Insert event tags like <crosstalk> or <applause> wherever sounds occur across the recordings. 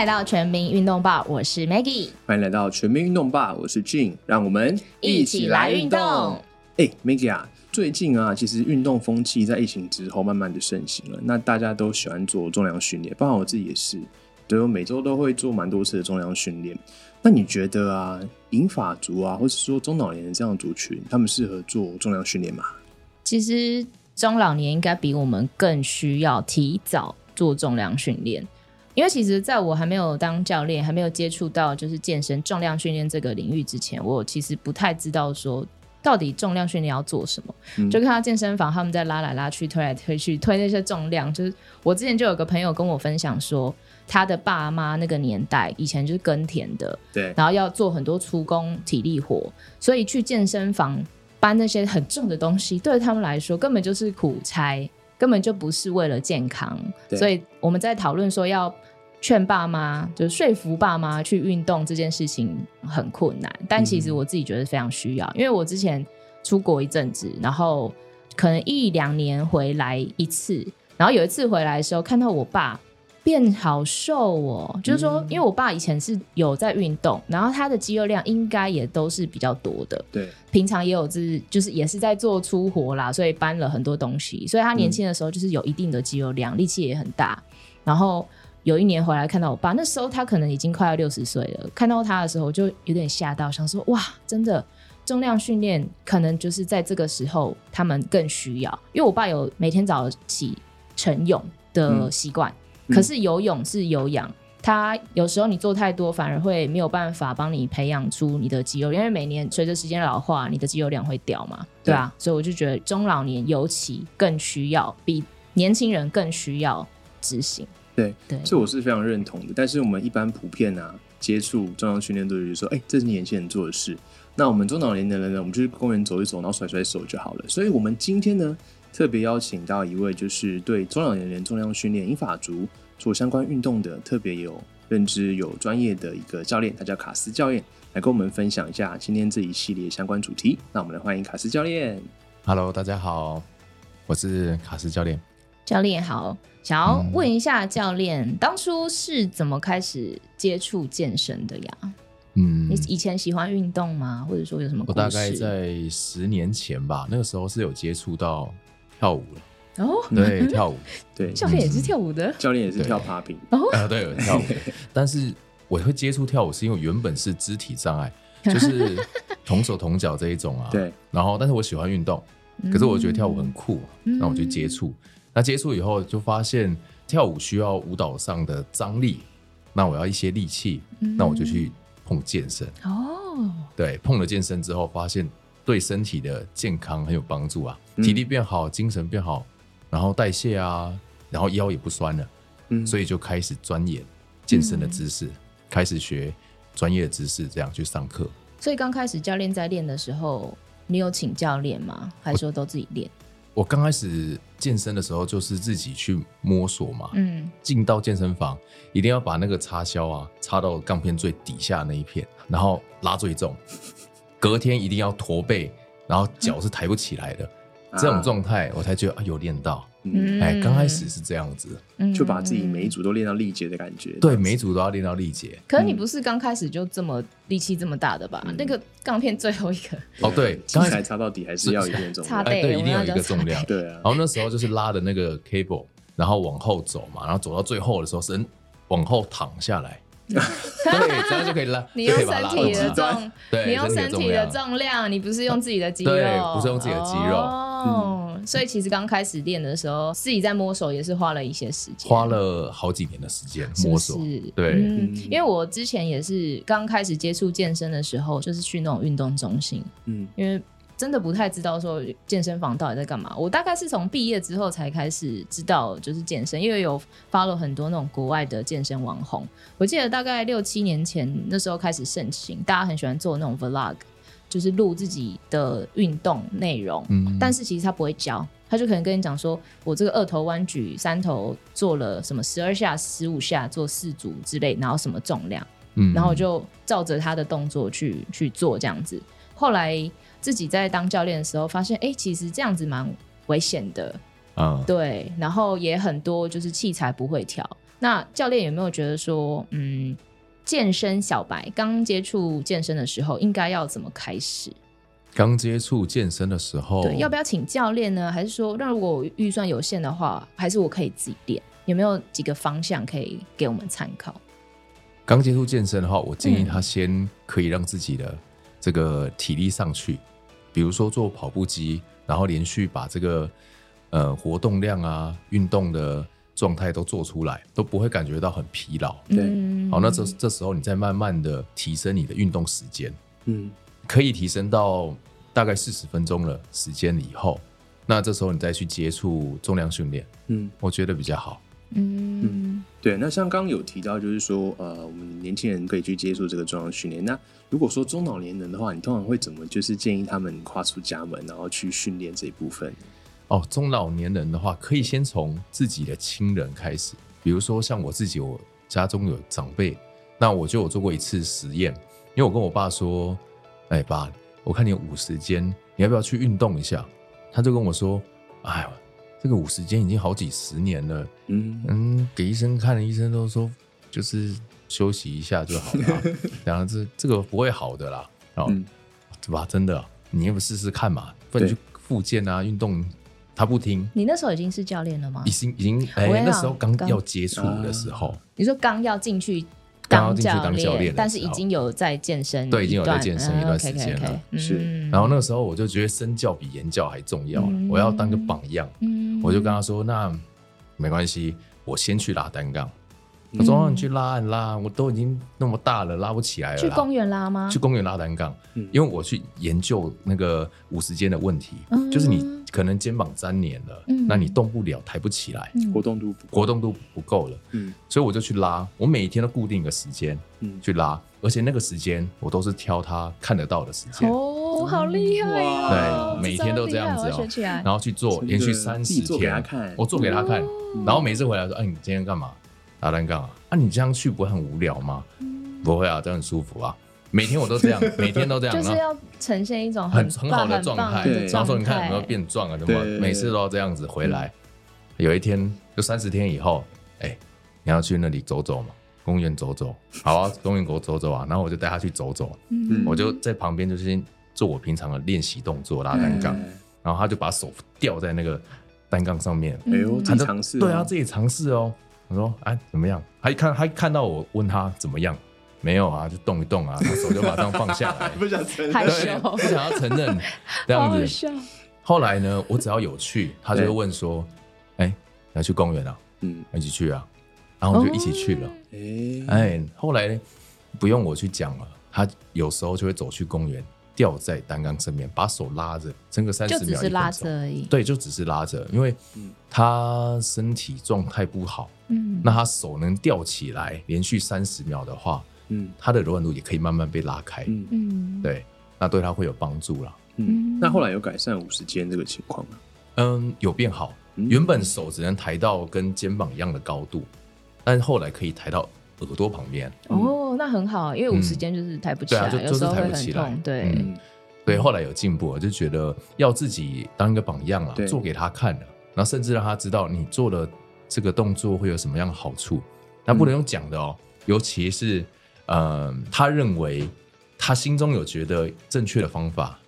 來到全民運動吧，我是 Maggie，歡迎來到全民運動吧，我是 Jin，讓我們一起來運動。哎，Maggie 啊，最近啊，其實運動風氣在疫情之後慢慢的盛行了，那大家都喜歡做重量訓練，包括我自己也是，對，我每周都會做蠻多次的重量訓練。那你覺得啊，銀髮族啊，或者說中老年人這樣的族群，他們適合做重量訓練嗎？其實中老年應該比我們更需要提早做重量訓練。因為其實，在我還沒有當教練，還沒有接觸到就是健身重量訓練這個領域之前，我其實不太知道說到底重量訓練要做什麼。嗯、就看到健身房他們在拉來拉去、推來推去，推那些重量。就是我之前就有個朋友跟我分享說，他的爸媽那個年代以前就是耕田的，對，然後要做很多粗工體力活，所以去健身房搬那些很重的東西，對他們來說根本就是苦差。根本就不是為了健康，對所以我們在討論說要勸爸媽，就是說服爸媽去運動這件事情很困難。但其實我自己覺得非常需要，嗯、因為我之前出國一陣子，然後可能一兩年回來一次，然後有一次回來的時候看到我爸。變好瘦哦、喔，就是說，因為我爸以前是有在運動，然後他的肌肉量應該也都是比較多的。對，平常也有就是，就是也是在做粗活啦，所以搬了很多東西，所以他年輕的時候就是有一定的肌肉量，力氣也很大。然後有一年回來看到我爸，那時候他可能已經快要六十歲了，看到他的時候就有點嚇到，想說哇，真的重量訓練可能就是在這個時候他們更需要，因為我爸有每天早起晨泳的習慣。可是游泳是有氧，它有時候你做太多，反而會沒有辦法幫你培養出你的肌肉，因為每年隨着時間老化，你的肌肉量會掉嘛，對，對啊，所以我就覺得中老年尤其更需要，比年輕人更需要執行。對對，這對我是非常認同的。但是我們一般普遍呢、啊，接觸重量訓練都就是說，哎、欸，這是年輕人做的事。那我們中老年的人呢，我們去公園走一走，然後甩甩手就好了。所以我們今天呢，特別邀請到一位，就是對中老年人重量訓練、銀髮族做相關運動的特別有認知、有專業的一個教練，他叫卡司教練，來跟我們分享一下今天這一系列相關主題。那我們來歡迎卡司教練。Hello，大家好，我是卡司教練。教練好，想要問一下教練，嗯、當初是怎麼開始接觸健身的呀？嗯，你以前喜歡運動嗎？或者說有什麼？我大概在十年前吧，那個時候是有接觸到。跳舞了哦，對，跳舞，對，教練也是跳舞的，教練也是跳 popping 哦，對，跳舞。但是我會接觸跳舞，是因為原本是肢體障礙，就是同手同腳這一種啊。對，然後，但是我喜歡運動，可是我覺得跳舞很酷，那我就接觸。那接觸以後，就發現跳舞需要舞蹈上的張力，那我要一些力氣，那我就去碰健身。哦，對，碰了健身之後，發現，對身體的健康很有幫助啊，體力變好，精神變好，然後代謝啊，然後腰也不痠了，嗯，所以就開始鑽研健身的知識，開始學專業的知識，這樣去上課。所以剛開始教練在練的時候，你有請教練嗎？還是說都，都自己練？我剛開始健身的時候就是自己去摸索嘛，嗯，進到健身房一定要把那個插銷啊插到槓片最底下那一片，然後拉最重。隔天一定要駝背，然後腳是抬不起來的，這種狀態我才覺得啊，有練到。哎，剛開始是這樣子，就把自己每一組都練到力竭的感覺。對，每組都要練到力竭。可是你不是剛開始就這麼力氣這麼大的吧？那個槓片最後一個，哦對，剛才插到底還是要一點重，哎對，一定要一個重量。對啊，然後那時候就是拉的那個 cable，然後往後走嘛，然後走到最後的時候，是往後躺下來。可以， <laughs> 對，這樣就可以了。 <laughs> 你用身體的重，對，你用身體的重量，你不是用自己的肌肉，對，不是用自己的肌肉。哦、oh, 是，所以其實剛開始練的時候，自己在摸索也是花了一些時間，是花了好幾年的時間摸索是，是，對、嗯，因為我之前也是剛開始接觸健身的時候，就是去那種運動中心，嗯，因為。真的不太知道說健身房到底在幹嘛。我大概是從畢業之後才開始知道，就是健身，因為有發了很多那種國外的健身網紅。我記得大概六七年前那時候開始盛行，大家很喜歡做那種 vlog，就是錄自己的運動內容。嗯。但是其實他不會教，他就可能跟你講說：“我這個二頭彎舉三頭做了什麼十二下、十五下做四組之類，然後什麼重量，然後我就照着他的動作去去做這樣子。”後來自己在當教練的時候，發現哎、欸，其實這樣子蠻危險的。嗯，對。然後也很多就是器材不會調。那教練有沒有覺得說，嗯，健身小白剛接觸健、健身的時候，應該要怎麼開始？剛接觸健身的時候，要不要請教練呢？還是說，那如果預算有限的話，還是我可以自己練？有沒有幾個方向可以給我們參考？剛接觸健身的話，我建議他先可以讓自己的、嗯。這個體力上去，比如說做跑步機，然後連續把這個呃活動量啊、運動的狀態都做出來，都不會感覺到很疲勞。對，好，那這這時候你再慢慢的提升你的運動時間，嗯，可以提升到大概四十分鐘的時間以後，那這時候你再去接觸重量訓練，嗯，我覺得比較好。嗯，嗯，對，那像剛剛有提到，就是說，呃，我們年輕人可以去接受這個重量訓練。那如果說中老年人的話，你通常會怎麼就是建議他們跨出家門，然後去訓練這一部分？哦，中老年人的話，可以先從自己的親人開始，比如說像我自己，我家中有長輩，那我就有做過一次實驗，因為我跟我爸說：“哎爸，我看你五十肩，你要不要去運動一下？”他就跟我說：“哎。”這個五十肩已經好幾十年了，嗯嗯，給醫生看，醫生都說就是休息一下就好了。啊，然後 <laughs> 這這個不會好的啦，哦，是吧？嗯。真的，你要不試試看嘛？不然，你去復健啊，運對動。他不聽。你那時候已經是教練了嗎？已經已經，哎，欸、我那時候剛剛要接觸的時候，啊，你說剛要進去。剛要進去當教練，但是已經有在健身，對，已經有在健身一段時間了。是、嗯，okay, okay, okay, 然後那時候我就覺得身教比言教還重要，嗯、我要當個榜樣。嗯、我就跟他說，嗯、那沒關係，我先去拉單槓。他說：“你去拉，按拉，我都已經那麼大了，拉不起來了。”去公園拉嗎？去公園拉單槓，因為我去研究那個五十肩的問題，就是你可能肩膀粘連了，那你動不了，抬不起來，活動度活動度不夠了。嗯，所以我就去拉，我每天都固定一個時間去拉，而且那個時間我都是挑他看得到的時間。哦，好厲害啊！對，每天都這樣子，哦。然後去做連續三十天，我做給他看，然後每次回來說：“哎，你今天幹嘛？”拉單槓啊，你這樣去不會很無聊嗎？不會啊，這樣很舒服啊。每天我都這樣，每天都這樣。就是要呈現一種很很好的狀態。然後說，你看，有沒有變壯啊？怎麼每次都要這樣子回來？有一天，就三十天以後，哎，你要去那裡走走嘛，公園走走，好，公園國走走啊。然後我就帶他去走走，我就在旁邊就是做我平常的練習動作拉單槓，然後他就把手吊在那個單槓上面，哎呦，自己嘗試，對啊，自己嘗試哦。我說：“哎、欸，怎麼樣？他一看他一看到我，問他怎麼樣？沒有啊，就動一動啊，他手就馬上放下來，不想要承認，對，不想要承認這樣子。好，好後來呢，我只要有去，他就會問說：‘哎、欸，你要、欸、去公園啊？’嗯，一起去啊。然後我們就一起去了。哎、哦，欸、後來呢，不用我去講了，他有時候就會走去公園。”吊在單槓上面，把手拉着撐個三十秒，就只是拉着而已。對，就只是拉着，因為他身體狀態不好，嗯，那他手能吊起來連續三十秒的話，嗯，他的柔軟度也可以慢慢被拉開。嗯，對，那對他會有幫助了。嗯，那後來有改善五十肩這個情況嗎？嗯，有變好。原本手只能抬到跟肩膀一樣的高度，但是後來可以抬到。耳朵旁邊、嗯、哦，那很好，因為五十肩就是抬不起來，嗯啊、就是抬不起來，對，所以、嗯、後來有進步了，就覺得要自己當一個榜樣啊，對做給他看的，然後甚至讓他知道你做了這個動作會有什麼樣的好處。那不能用講的哦，嗯、尤其是、呃、他認為他心中有覺得正確的方法，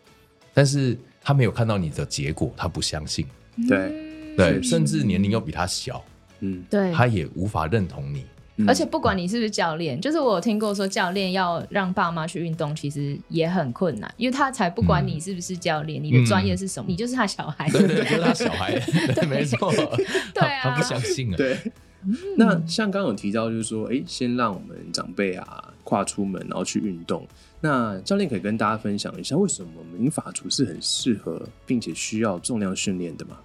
但是他沒有看到你的結果，他不相信，對對，對是不是甚至年齡又比他小，嗯，對，他也無法認同你。而且不管你是不是教練，嗯、就是我有聽過說，教練要讓爸媽去運動，其實也很困難，因為他才不管你是不是教練，嗯、你的專業是什麼，嗯、你就是他小孩，對，對對，就是他小孩，沒錯，對啊他，他不相信啊、欸。對，嗯、那像剛有提到，就是說，哎、欸，先讓我們長輩啊跨出門，然後去運動。那教練可以跟大家分享一下，為什麼銀髮族是很適合並且需要重量訓練的嗎？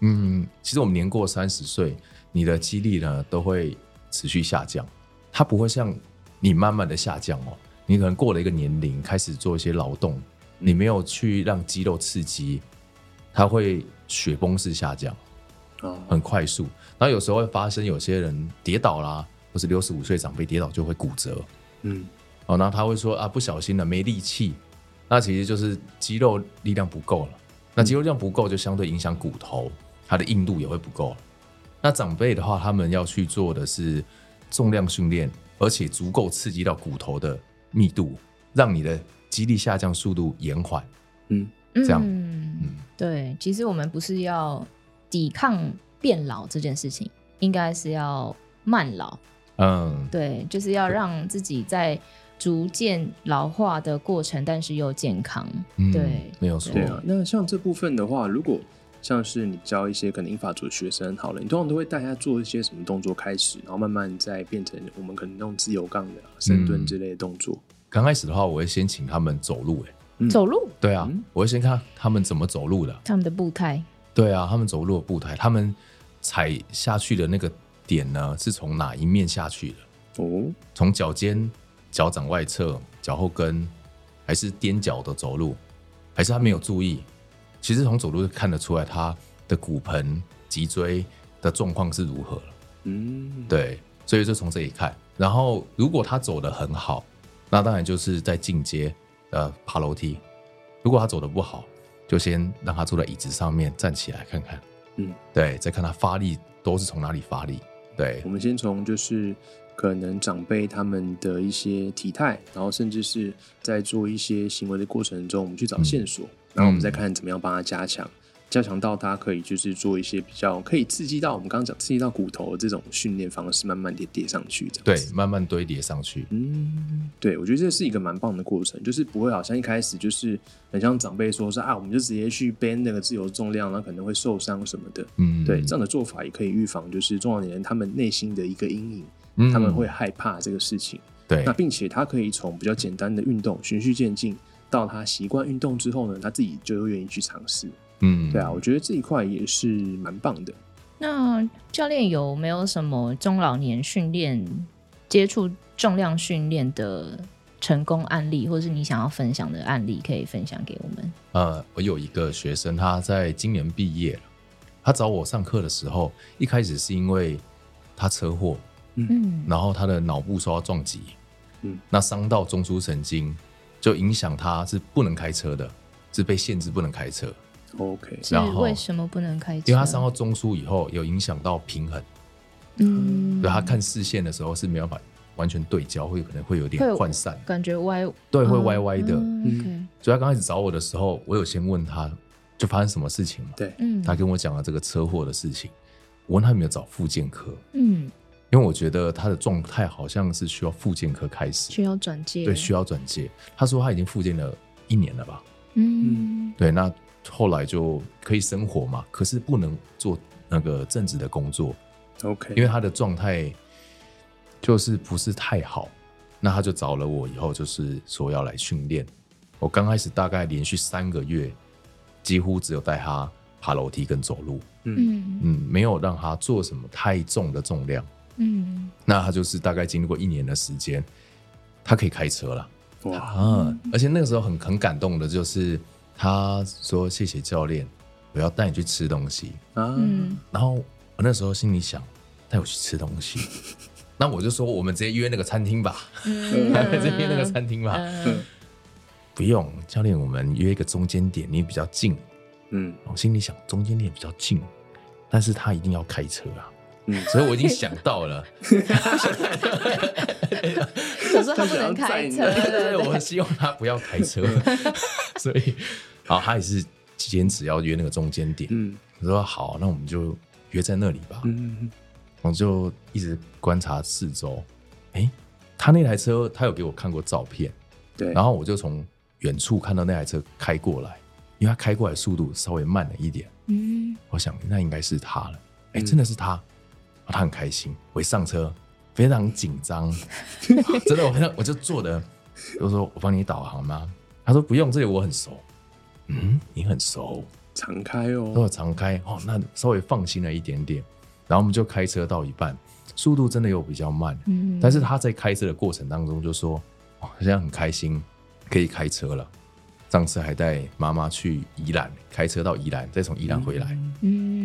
嗯，其實我們年過三十歲，你的肌力呢都會。持續下降，它不會像你慢慢的下降哦、喔，你可能過了一個年齡開始做一些勞動，你沒有去讓肌肉刺激，它會雪崩式下降，啊，很快速。那有時候會發生有些人跌倒啦，或是六十五歲長輩跌倒就會骨折，嗯，哦、喔，那他會說啊，不小心了，沒力氣，那其實就是肌肉力量不夠了，那肌肉量不夠就相對影響骨頭，它的硬度也會不夠。那長輩的話，他們要去做的是重量訓練，而且足夠刺激到骨頭的密度，讓你的肌力下降速度延緩。嗯，這樣。嗯，對，其實我們不是要抵抗變老這件事情，應該是要慢老。嗯，對，就是要讓自己在逐漸老化的過程，但是又健康。嗯，對，沒有錯。對啊，那像這部分的話，如果像是你教一些可能銀髮族的學生好了，你通常都會帶他做一些什麼動作開始，然後慢慢再變成我們可能那種自由槓的、啊、深蹲之類的動作。剛、嗯、開始的話，我會先請他們走路、欸，哎、嗯，走路，對啊，嗯、我會先看他們怎麼走路的，他們的步態，對啊，他們走路的步態，他們踩下去的那個點呢，是從哪一面下去的？哦，從腳尖、腳掌外側、腳後跟，還是踮腳的走路，還是他沒有注意？其實從走路看得出來他的骨盆、脊椎的狀況是如何了。嗯，對，所以就從這裡看。然後，如果他走得很好，那當然就是在進階，呃，爬樓梯；如果他走得不好，就先讓他坐在椅子上面站起來看看。嗯，對，再看他發力都是從哪裡發力。對，我們先從就是可能長輩他們的一些體態，然後甚至是在做一些行為的過程中，我們去找線索。嗯然後我們再看怎麼樣幫他加強，嗯、加強到他可以就是做一些比較可以刺激到我們剛剛講刺激到骨頭的這種訓練方式，慢慢的疊上去，對，慢慢堆疊上去。嗯，對，我覺得這是一個蠻棒的過程，就是不會好像一開始就是很像長輩說說啊，我們就直接去搬那個自由重量，那可能會受傷什麼的。嗯，對，這樣的做法也可以預防，就是中老年人他們內心的一個陰影，他們會害怕這個事情。嗯、對，那並且他可以從比較簡單的運動循序漸進。到他習慣運動之後呢，他自己就願意去嘗試。嗯，對啊，我覺得這一塊也是蠻棒的。那教練有沒有什麼中老年訓練、接觸重量訓練的成功案例，或是你想要分享的案例，可以分享給我們？呃，我有一個學生，他在今年畢業，他找我上課的時候，一開始是因為他車禍，嗯，然後他的腦部受到撞擊，嗯，那傷到中樞神經。就影響他是不能開車的，是被限制，不能開車。OK，然後為什麼不能開車？因為他上到中樞以後，有影響到平衡。嗯，對他看視線的時候是沒有辦法完全對焦，會可能會有點渙散，感覺歪。對，會歪歪的。嗯、哦，哦 okay，所以他剛開始找我的時候，我有先問他，就發生什麼事情嘛？對，嗯，他跟我講了這個車禍的事情。我問他有沒有找復健科？嗯。因為我覺得他的狀態好像是需要復健科開始，需要轉介。對，需要轉介，他說他已經復健了一年了吧？嗯，對。那後來就可以生活嘛，可是不能做那個正職的工作。OK，因為他的狀態就是不是太好。那他就找了我以後，就是說要來訓練。我剛開始大概連續三個月，幾乎只有帶他爬樓梯跟走路。嗯嗯，沒有讓他做什麼太重的重量。嗯，那他就是大概經歷過一年的時間，他可以開車了啊！而且那個時候很很感動的，就是他說：“謝謝教練，我要帶你去吃東西。”嗯，然後我那時候心裡想：“帶我去吃東西？”嗯、那我就說：“我們直接約那個餐廳吧，嗯、 <laughs> 直接約那個餐廳吧。嗯”不用，教練，我們約一個中間點，你比較近。嗯，我心裡想中間點比較近，但是他一定要開車啊。嗯、所以我已經想到了，他不能開車， <laughs> <laughs> 我希望他不要開車， <laughs> <laughs> 所以，好，他也是堅持要約那個中間點。我說好，那我們就約在那裡吧。我就一直觀察四周。哎，他那台車，他有給我看過照片。然後我就從遠處看到那台車開過來，因為他開過來速度稍微慢了一點。我想那應該是他了。哎，真的是他。啊、他很開心，我一上車非常緊張， <laughs> 真的，我很我就坐的，我說我幫你導航嗎？他說不用，這裡我很熟。嗯，你很熟，常開哦，如果常開哦，那稍微放心了一點點。然後我們就開車到一半，速度真的又比較慢。嗯，但是他在開車的過程當中就說，現在很開心可以開車了。上次還帶媽媽去宜蘭，開車到宜蘭，再從宜蘭回來。嗯。嗯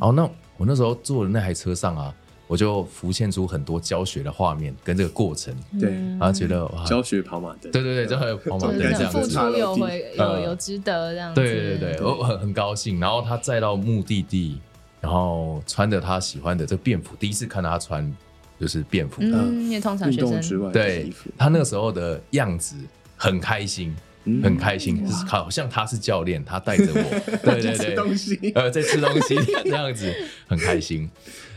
哦，那我那時候坐的那台車上啊，我就浮現出很多教學的畫面跟這個過程，對，然後覺得教學跑馬燈，對對對，就很跑馬燈這樣子，付出有回，有有值得這樣，對對對，我很很高興。然後他載到目的地，然後穿着他喜歡的這便服，第一次看他穿就是便服，嗯，也通常學生之外的衣服，對，他那個時候的樣子很開心。很開心，就是好像他是教練，他帶着我。對對對，呃，在吃東西這樣子，很開心。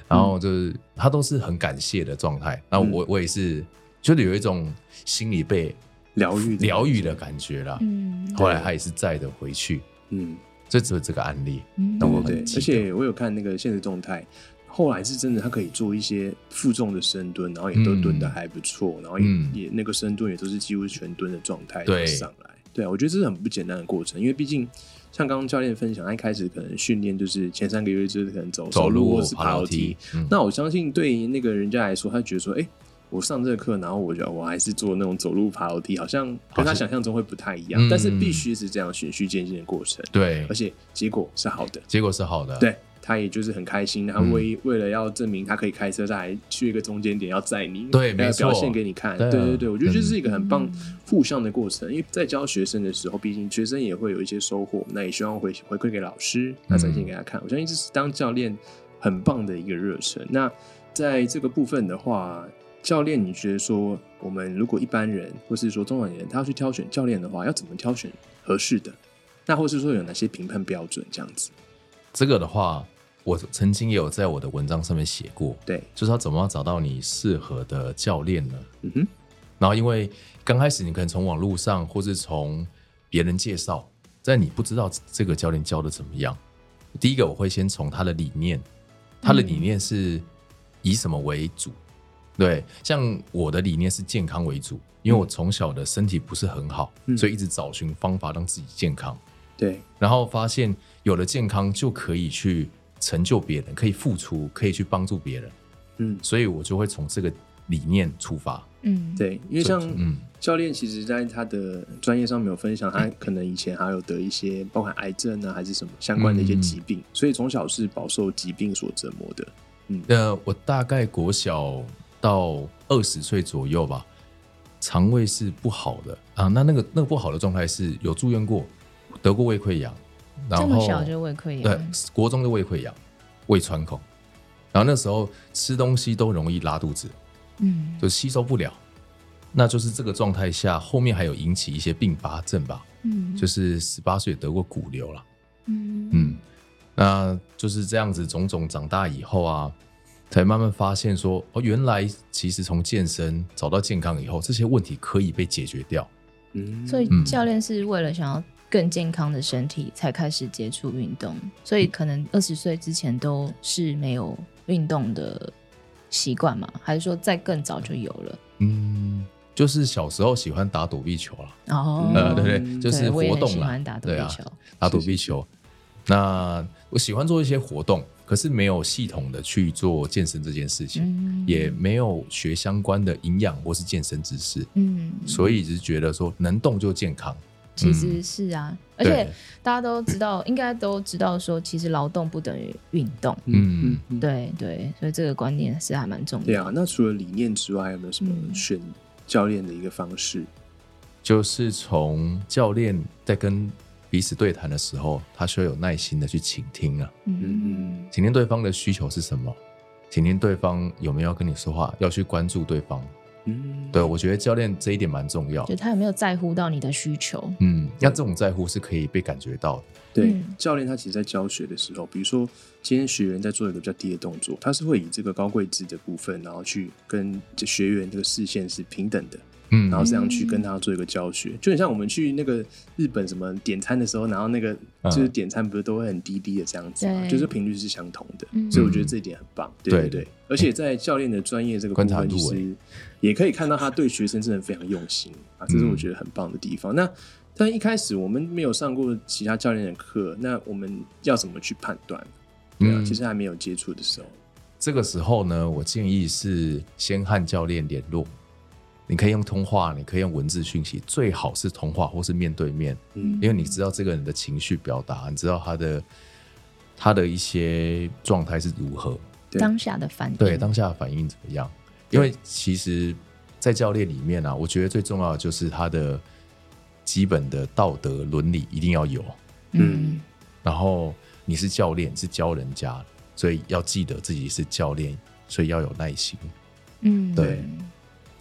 然後就是他都是很感謝的狀態。那我我也是覺得有一種心裡被療癒療癒的感覺了。嗯，後來他也是載的回去。嗯，這只有這個案例，讓我很記得。而且我有看那個限時動態，後來是真的，他可以做一些負重的深蹲，然後也都蹲得還不錯，然後也也那個深蹲也都是幾乎全蹲的狀態，對，上來。對啊，我覺得這是很不簡單的過程，因為畢竟像剛剛教練分享，他一開始可能訓練就是前三個月就是可能走走路，走路或是爬樓梯，嗯。那我相信對於那個人家來說，他覺得說，哎，我上這個課，然後我覺得我還是做那種走路爬樓梯，好像跟他想象中會不太一樣，是但是必須是這樣循序漸進的過程。嗯、對，而且結果是好的，結果是好的。對。他也就是很開心，他為、嗯、為了要證明他可以開車，他還去一個中間點要載你，對，要表現給你看。對，了對對對，我覺得這是一個很棒互相的過程。嗯、因為在教學生的時候，畢、嗯、竟學生也會有一些收穫，那也希望回回饋給老師，那展現給他看。嗯、我相信這是當教練很棒的一個熱忱。那在這個部分的話，教練，你覺得說我們如果一般人或是說中老年人，他要去挑選教練的話，要怎麼挑選合適的？那或是說有哪些評判標準這樣子？這個的話，我曾經也有在我的文章上面寫過，對，就是要怎麼樣找到你適合的教練呢？嗯哼，然後因為剛開始你可能從網絡上，或是從別人介紹，在你不知道這個教練教的怎麼樣。第一個我會先從他的理念，他的理念是以什麼為主？嗯嗯，對，像我的理念是健康為主，因為我從小的身體不是很好，嗯，所以一直找尋方法讓自己健康。對，然後發現有了健康就可以去成就別人，可以付出，可以去幫助別人，嗯，所以我就會從這個理念出發，嗯，對，因為像、嗯、教練，其實在他的專業上面有分享，他可能以前還有得一些，嗯、包含癌症啊，還是什麼相關的一些疾病，嗯、所以從小是飽受疾病所折磨的，嗯，呃，我大概國小到二十歲左右吧，腸胃是不好的啊，那那個那個不好的狀態是有住院過。得過胃潰瘍，然後這麼小就胃潰瘍？對，國中的胃潰瘍，胃穿孔，然後那時候吃東西都容易拉肚子，嗯，就吸收不了。那就是這個狀態下，後面還有引起一些併發症吧？嗯，就是十八歲得過骨瘤了，嗯嗯，那就是這樣子，種種長大以後啊，才慢慢發現說，哦，原來其實從健身找到健康以後，這些問題可以被解決掉。嗯，嗯所以教練是為了想要。更健康的身體才開始接觸運動，所以可能二十歲之前都是沒有運動的習慣嘛？還是說在更早就有了？嗯，就是小時候喜歡打躲避球了。哦，呃、對，對對，就是活動喜歡打躲避球。啊、打躲避球。是是，那我喜歡做一些活動，可是沒有系統的去做健身這件事情，嗯、也沒有學相關的營養或是健身知識。嗯，嗯，嗯，所以一直覺得說能動就健康。其實是啊，嗯、而且大家都知道，嗯、應該都知道說，其實勞動不等於運動。嗯嗯，嗯對對，所以這個觀念是還蠻重要的。對啊，那除了理念之外，有沒有什麼選教練的一個方式？就是從教練在跟彼此對談的時候，他需要有耐心的去傾聽啊，嗯嗯，傾聽對方的需求是什麼，傾聽對方有沒有要跟你說話，要去關注對方。嗯，對，我覺得教練這一點蠻重要，就他有沒有在乎到你的需求。嗯，像這種在乎是可以被感覺到的。嗯、對，教練他其實，在教學的時候，比如說今天學員在做一個比較低的動作，他是會以這個高跪姿的部分，然後去跟這學員這個視線是平等的。嗯，然後這樣去跟他做一個教學，嗯、就很像我們去那個日本什麼點餐的時候，然後那個就是點餐不是都會很低低的這樣子，嗯、就是頻率是相同的，嗯、所以我覺得這一點很棒，嗯、對對，對而且在教練的專業這個部分也可以看到他對學生真的非常用心啊，這是我覺得很棒的地方。嗯、那但一開始我們沒有上過其他教練的課，那我們要怎麼去判斷？嗯、對啊，其實還沒有接觸的時候，這個時候呢，我建議是先和教練聯絡。你可以用通話，你可以用文字訊息，最好是通話或是面對面，嗯，因為你知道這個人的情緒表達，你知道他的他的一些狀態是如何，當下的反應？對，當下的反應怎麼樣？因為其實，在教練裡面啊，我覺得最重要的就是他的基本的道德倫理一定要有，嗯，嗯，然後你是教練是教人家，所以要記得自己是教練，所以要有耐心，嗯，對。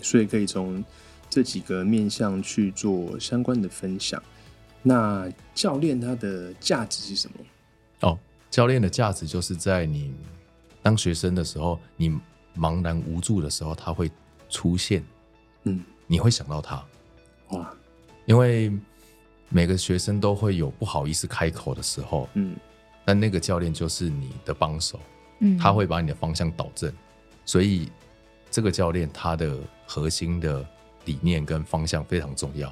所以可以從這幾個面向去做相關的分享。那教練他的價值是什麼？哦，教練的價值就是在你當學生的時候，你茫然無助的時候，他會出現。嗯，你會想到他。哇，因為每個學生都會有不好意思開口的時候。嗯，但那個教練就是你的幫手。嗯，他會把你的方向導正。嗯，所以這個教練他的。核心的理念跟方向非常重要，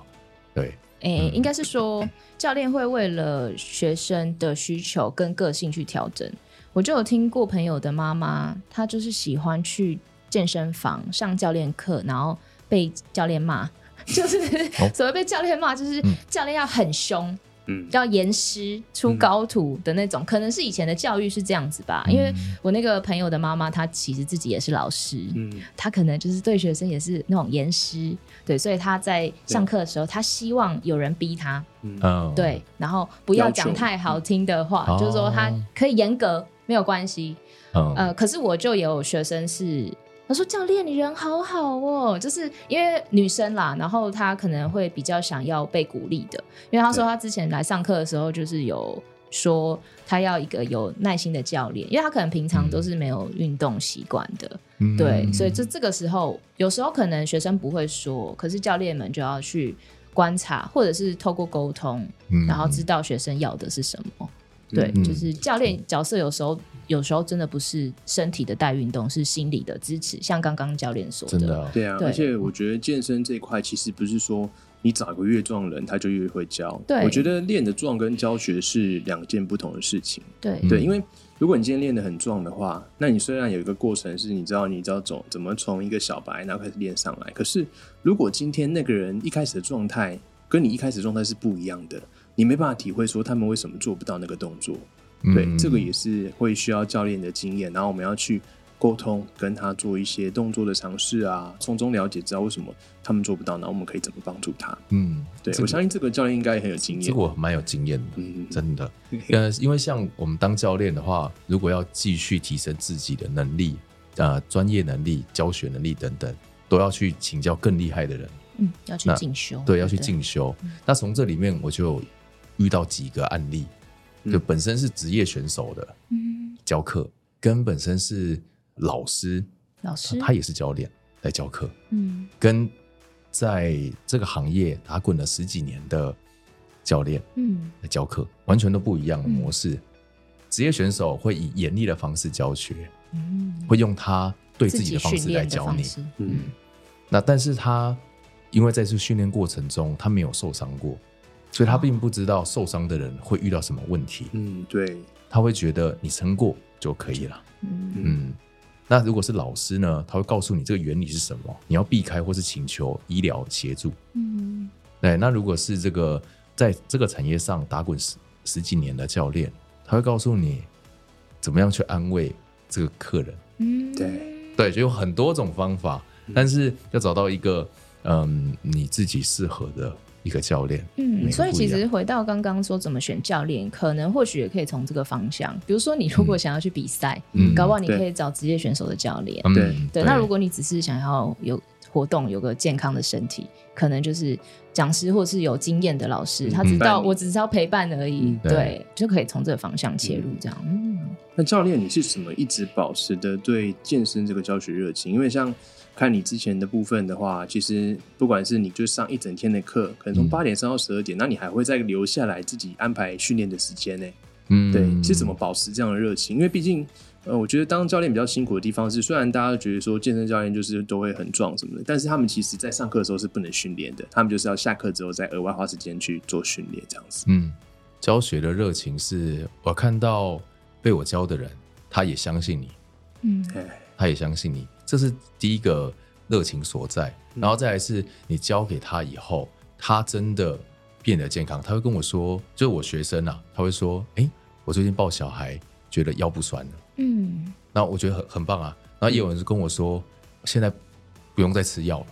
對。誒、嗯欸，應該是說教練會為了學生的需求跟個性去調整。我就有聽過朋友的媽媽，她就是喜歡去健身房上教練課，然後被教練罵，就是、哦、所謂被教練罵，就是、嗯、教練要很凶。嗯，要嚴師出高徒的那種，嗯、可能是以前的教育是這樣子吧。嗯、因為我那個朋友的媽媽，她其實自己也是老師，嗯，她可能就是對學生也是那種嚴師，對，所以她在上課的時候，她希望有人逼她對嗯，對，然後不要講太好聽的話，求就是說她可以嚴格、嗯、沒有關係，嗯、哦呃，可是我就有學生是。他說：“教練，你人好好哦，就是因為女生啦，然後她可能會比較想要被鼓勵的。因為他說他之前來上課的時候，就是有說他要一個有耐心的教練，因為他可能平常都是沒有運動習慣的，嗯、對，所以就這個時候，有時候可能學生不會說，可是教練們就要去觀察，或者是透過溝通，嗯、然後知道學生要的是什麼。嗯、對，就是教練角色有時候。”有時候真的不是身體的帶運動，是心理的支持。像剛剛教練說的，的啊，對啊，而且我覺得健身這一塊其實不是說你找一個越壯的人他就越會教。對，我覺得練的壯跟教學是兩件不同的事情。對對，對，嗯、因為如果你今天練得很壯的話，那你雖然有一個過程是，你知道，你知道怎怎麼從一個小白然後開始練上來。可是如果今天那個人一開始的狀態跟你一開始狀態是不一樣的，你沒辦法體會說他們為什麼做不到那個動作。對，這個也是會需要教練的經驗，然後我們要去溝通，跟他做一些動作的嘗試啊，從中了解，知道為什麼他們做不到，那我們可以怎麼幫助他？嗯，對，這個、我相信這個教練應該也很有經驗，這個我蠻有經驗的，嗯，真的，呃，因為像我們當教練的話，如果要繼續提升自己的能力，呃，專業能力、教學能力等等，都要去請教更厲害的人，嗯，要去進修，對，要去進修。對，那從這裡面，我就遇到幾個案例。嗯、就本身是職業選手的教課，嗯、跟本身是老師老師，他也是教練來教課，嗯，跟在這個行業打滾了十幾年的教練，嗯，來教課，完全都不一樣的模式。嗯、職業選手會以嚴厲的方式教學，嗯，會用他對自己的方式來教你，嗯。嗯，那但是他因為在這訓練過程中，他沒有受傷過。所以他並不知道受傷的人會遇到什麼問題。嗯，對。他會覺得你撐過就可以了。嗯、嗯，那如果是老師呢？他會告訴你這個原理是什麼，你要避開或是請求醫療協助。嗯。對，那如果是這個在這個產業上打滾十十幾年的教練，他會告訴你怎麼樣去安慰這個客人。嗯，對。對，就有很多種方法，但是要找到一個嗯、嗯，你自己適合的。一個教練，嗯，所以其實回到剛剛說怎麼選教練，可能或許也可以從這個方向，比如說你如果想要去比賽，嗯，嗯，搞不好你可以找職業選手的教練，對，對。對那如果你只是想要有活動，有個健康的身體，可能就是講師或是有經驗的老師，嗯，他知道我只是要陪伴而已，嗯，對，對就可以從這個方向切入，這樣。嗯嗯那教練，你是怎麼一直保持的對健身這個教學熱情？因為像看你之前的部分的話，其實不管是你就上一整天的課，可能從八點上到十二點，嗯、那你還會再留下來自己安排訓練的時間呢、欸？嗯，對，是怎麼保持這樣的熱情？因為畢竟，呃，我覺得當教練比較辛苦的地方是，雖然大家覺得說健身教練就是都會很壯什麼的，但是他們其實在上課的時候是不能訓練的，他們就是要下課之後再額外花時間去做訓練這樣子。嗯，教學的熱情是我看到。被我教的人，他也相信你，嗯，他也相信你，這是第一個熱情所在。嗯、然後再來是，你教給他以後，他真的變得健康。他會跟我說，就是我學生啊，他會說，誒，我最近抱小孩，覺得腰不酸了，嗯，那我覺得很很棒啊。然後也有人是跟我說，現在不用再吃藥了，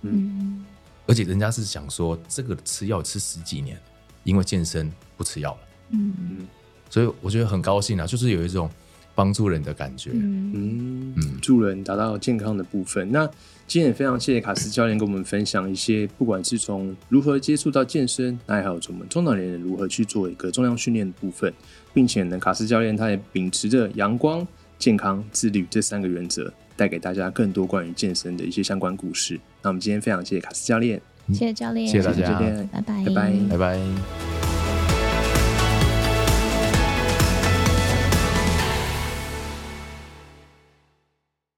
嗯，而且人家是想說，這個吃藥吃十幾年，因為健身不吃藥了，嗯。所以我覺得很高興啊，就是有一種幫助人的感覺。嗯嗯，嗯助人達到健康的部分。那今天也非常謝謝卡斯教練跟我們分享一些，不管是從如何接觸到健身，那還有從中中老年人如何去做一個重量訓練的部分，並且呢，卡斯教練他也秉持着陽光、健康、自律這三個原則，帶給大家更多關於健身的一些相關故事。那我們今天非常謝謝卡斯教練、嗯，謝謝教練，謝謝大家，拜拜拜拜拜拜。拜拜拜拜。